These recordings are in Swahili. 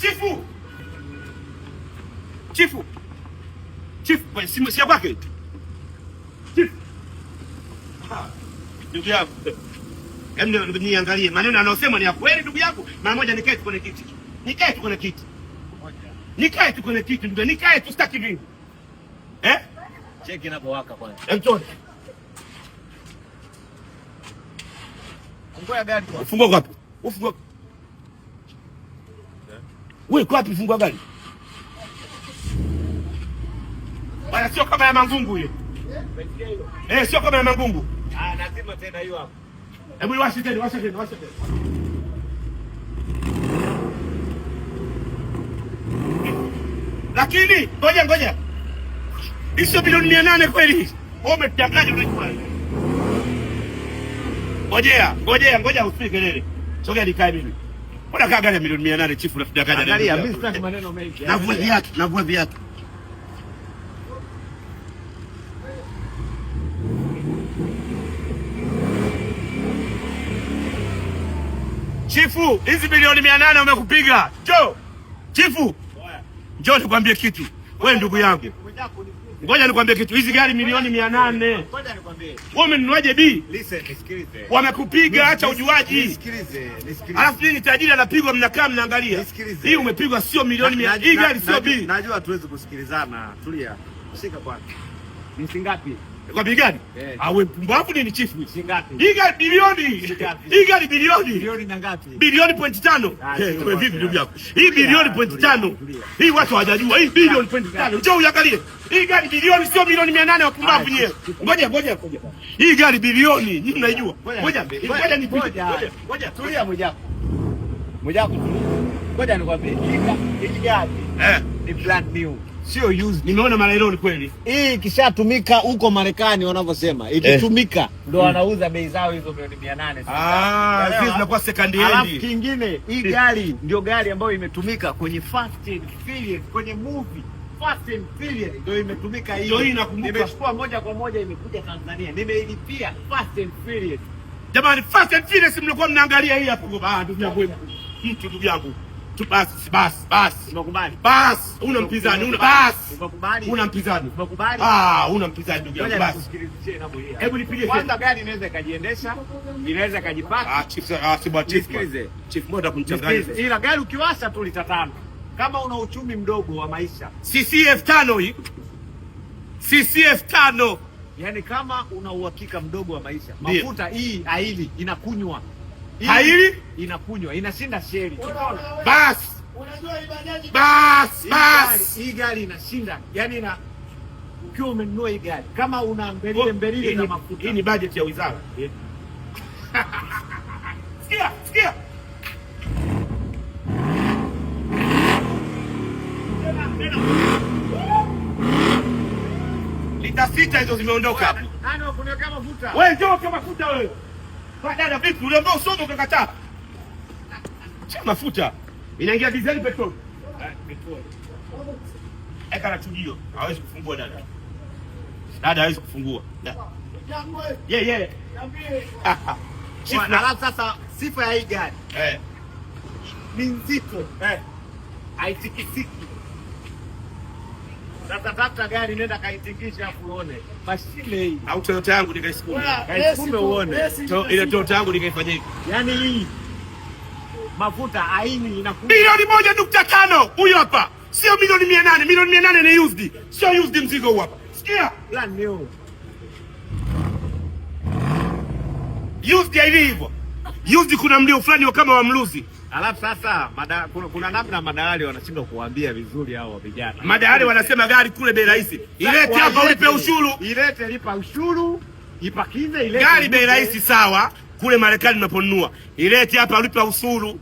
Chifu, chifu, chifu kwenye simu kwake. Chifu ndugu yako, yaani hebu niangalie maneno anayosema ni ya kweli ndugu yako. Mara moja nikae tu kwenye kiti, nikae tu kwenye kiti, nikae tu kwenye kiti ndugu, nikae tu, sitaki vingi eh. Cheki inapowaka kwanza, mtoni eh, fungua gari, fungua wapi? Ufungua wewe iko wapi fungu gani? Bwana sio kama ya Mangungu hiyo. Eh, sio kama ya Mangungu. Ah, lazima tena hiyo hapo. Hebu iwashe tena, washe tena, washe tena. Lakini ngoja ngoja. Hizo bilioni 800 kweli? Wewe umetanganya unajua. Ngojea, ngojea, ngoja usipige kelele. Sogea nikae mimi. Mbona kaa gari ya milioni 800 nane chifu nafuta kaja na gari mimi sitaki maneno mengi. Navua viatu, navua viatu. Chifu, hizi milioni 800 umekupiga. Jo. Chifu. Njoo nikwambie kitu. Wewe ndugu yangu. Ngoja nikwambie kitu, hizi gari milioni mia nane wewe umenunuaje? Bi, wamekupiga acha ujuaji, alafu hii ni tajiri anapigwa, mnakaa mnaangalia. Hii umepigwa sio milioni mia, hii gari sio bi. Najua hatuwezi kusikilizana, tulia, shika kwake. Ni ngapi? Kwa bei gani? Eh. Awe mpumbavu nini chifu? Hii gari bilioni. Hii gari bilioni. Bilioni na ngapi? Bilioni point tano. Ah, eh, wewe vipi ndugu yako? Hii bilioni point tano. Hii watu hawajajua. Hii bilioni point tano. Njoo uangalie. Hii gari bilioni sio milioni 800 wapumbavu nyewe. Ngoja ngoja ngoja. Hii gari bilioni, nyinyi mnaijua. Ngoja. Ngoja nipite. Ngoja. Tulia mmoja. Mmoja. Ngoja nikwambie. Hii gari. Eh. Ni brand new sio used. Nimeona mara ni kweli. Hii ikishatumika huko Marekani wanavyosema ikitumika eh, ndo wanauza bei zao hizo milioni 800. Ah, sisi tunakuwa second hand. Alafu kingine hii gari ndio gari ambayo imetumika kwenye Fast and Furious, kwenye movie Fast and Furious ndio imetumika hiyo. Hii nakumbuka. Nimechukua moja kwa moja imekuja Tanzania. Nimeilipia Fast and Furious. Jamani, Fast and Furious mlikuwa mnaangalia hii hapo. Ah, ndugu yangu mtu ndugu yangu basi basi basi, unakubali basi, una mpinzani una basi, unakubali una mpinzani unakubali, ah, una mpinzani ndugu yangu, basi hebu nipige kwanza. Gari inaweza ikajiendesha, inaweza ikajipaki. Ah, chief ah, si bwa chief chief, mbona kumchanganya? Ila gari ukiwasha tu litatano, kama una uchumi mdogo wa maisha, CCF tano hii CCF tano, yani kama una uhakika mdogo wa maisha, mafuta hii aili inakunywa haili inakunywa inashinda sheli. Basi basi hii gari inashinda, yani ina ukiwa umenunua hii gari kama una mbelile oh, mbelile na mafuta. Hii ni budget ya wizara. Sikia, sikia lita sita hizo zimeondoka. Wewe njoo kama futa wewe Dada vipi, uliambia usodo ukakataa. Cha mafuta inaingia dizeli, eh, petroli, eka na Hawezi kufungua dada, dada hawezi kufungua yeah, yeah. Ah, ah. Alafu sasa sifa ya hii gari eh. ni nzito, eh. haitikisiki sasa tafuta gari nenda kaitingisha uone. Mashine hii. Au Toyota yangu Kaisukume uone. Ile Toyota yangu nikaifanya hivi. Yaani hii mafuta aini inakuwa milioni moja nukta tano huyu hapa. Sio milioni mia nane. Milioni mia nane ni used. Sio used mzigo huu hapa. Sikia? Plan new. Used hivyo. Used kuna mlio fulani kama wa mluzi. Alafu sasa mada, kuna, kuna namna madalali wanashindwa kuambia vizuri hao vijana. Madalali wanasema gari kule bei rahisi, ilete hapa ulipe ushuru, ilete lipa ushuru, ipakize ilete gari bei rahisi. Sawa, kule Marekani unaponunua ilete hapa ulipe ushuru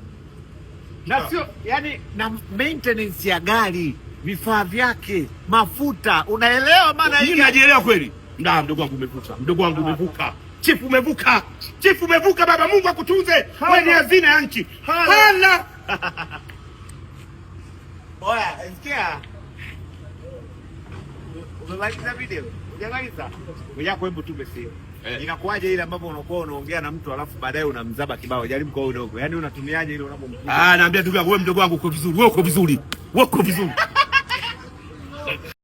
na sio yani, na maintenance ya gari, vifaa vyake, mafuta, unaelewa maana hii. Najielewa kweli. Ndio, ndugu wangu umevuka, Ndugu wangu umevuka. Chifu umevuka, chifu umevuka baba. Mungu akutunze, wewe ni hazina ya nchi. Hala oya, sikia, umemaliza video ujamaliza yako, hebu tume basi Eh. Inakuwaje ile ambapo unakuwa unaongea na mtu alafu baadaye unamzaba kibao, jaribu kwa udogo, yaani unatumiaje ile unapomkuta? Ah, naambia ndugu yangu, wewe mdogo wangu uko vizuri, wewe uko vizuri, wewe uko vizuri